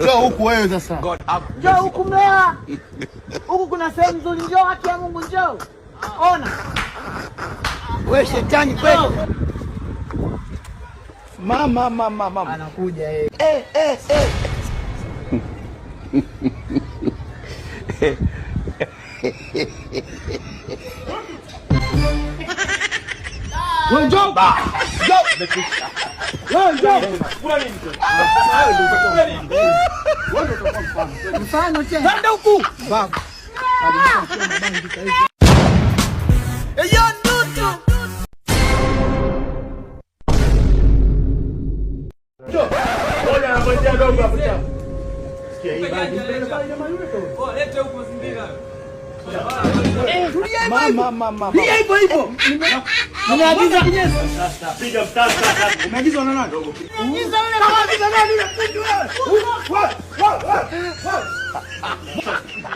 Njoo huku wewe sasa. Njoo huku Mbeya. Huku kuna sehemu nzuri, njoo haki ya Mungu njoo. Ona. Wewe shetani kweli. Mama mama mama. Anakuja yeye. Eh eh eh. njoo. Mama, mama, mama. Hivyo hivyo. Umeagiza piga mtasa. Umeagiza na nani? Umeagiza wewe kama agiza nani unakuja wewe.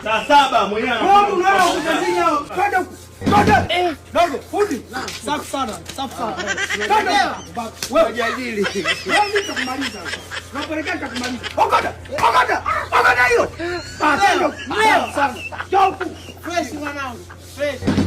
Saa saba mwenyewe anakuja. Wewe unaona ukutazinya. Kwenda kwenda. Eh, dogo fundi. Safi sana. Safi sana. Kwenda. Wewe hujajili. Wewe nitakumaliza. Napelekea nitakumaliza. Okoda. Okoda. Okoda hiyo. Basi. Leo sana. Joku. Fresh mwanangu. Fresh.